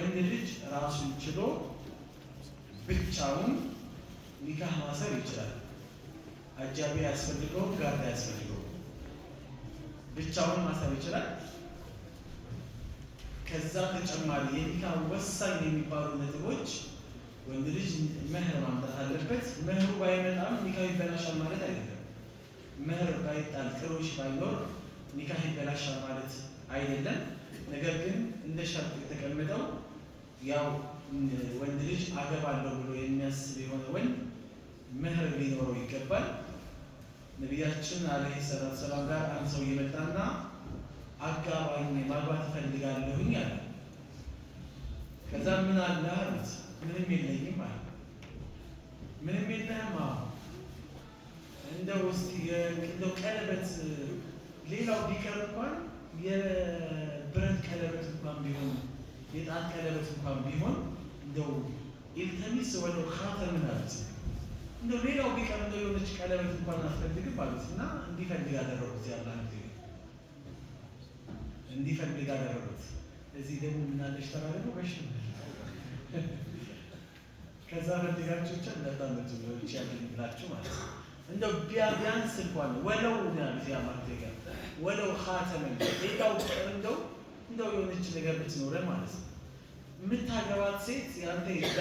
ወንድ ልጅ ራሱን ችሎ ብቻውን ኒካህ ማሰር ይችላል። አጃቢ ያስፈልገውም ጋር ያስፈልገው ብቻውን ማሰር ይችላል። ከዛ ተጨማሪ የኒካህ ወሳኝ የሚባሉ ነጥቦች ወንድ ልጅ መህር ማምጣት አለበት። መህሩ ባይመጣም ኒካህ ይበላሻል ማለት አይደለም። መህር ባይጣል ቅሮሽ ባይኖር ኒካህ ይበላሻል ማለት አይደለም። ነገር ግን እንደ ሸርጥ የተቀመጠው ያው ወንድ ልጅ አገባለሁ ብሎ የሚያስብ የሆነ ወንድ ምህር ሊኖረው ይገባል። ነቢያችን አለይሂ ሰላቱ ሰላም ጋር አንድ ሰው እየመጣና አጋባኝ ማግባት እፈልጋለሁኝ አለ። ከዛ ምን አለ አሉት። ምንም የለኝም አለ። ምንም የለህም? አዎ። እንደው እስኪ እንደው ቀለበት ሌላው ቢቀር እንኳን እንኳን ቢሆን እንደው ኢልተሚስ ወለው ካተምን አለች። እንደው ሌላው ቢቀር እንደው የሆነች ቀለበት እንኳን አስፈልግም ማለት እና እንዲፈልግ አደረጉት። ያላ እንዲፈልግ አደረጉት። እዚህ ደግሞ ምናለች ተራ ደግሞ በሽ ከዛ ፈልጋችሁ ብቻ እንዳታመጡ ብቻ ብላችሁ ማለት ነው። እንደው ቢያንስ እንኳን ወለው ያሉት ያ ወለው ካተምን ሌላው ቢቀር እንደው እንደው የሆነች ነገር ብትኖረ ማለት ነው የምታገባት ሴት ያንተ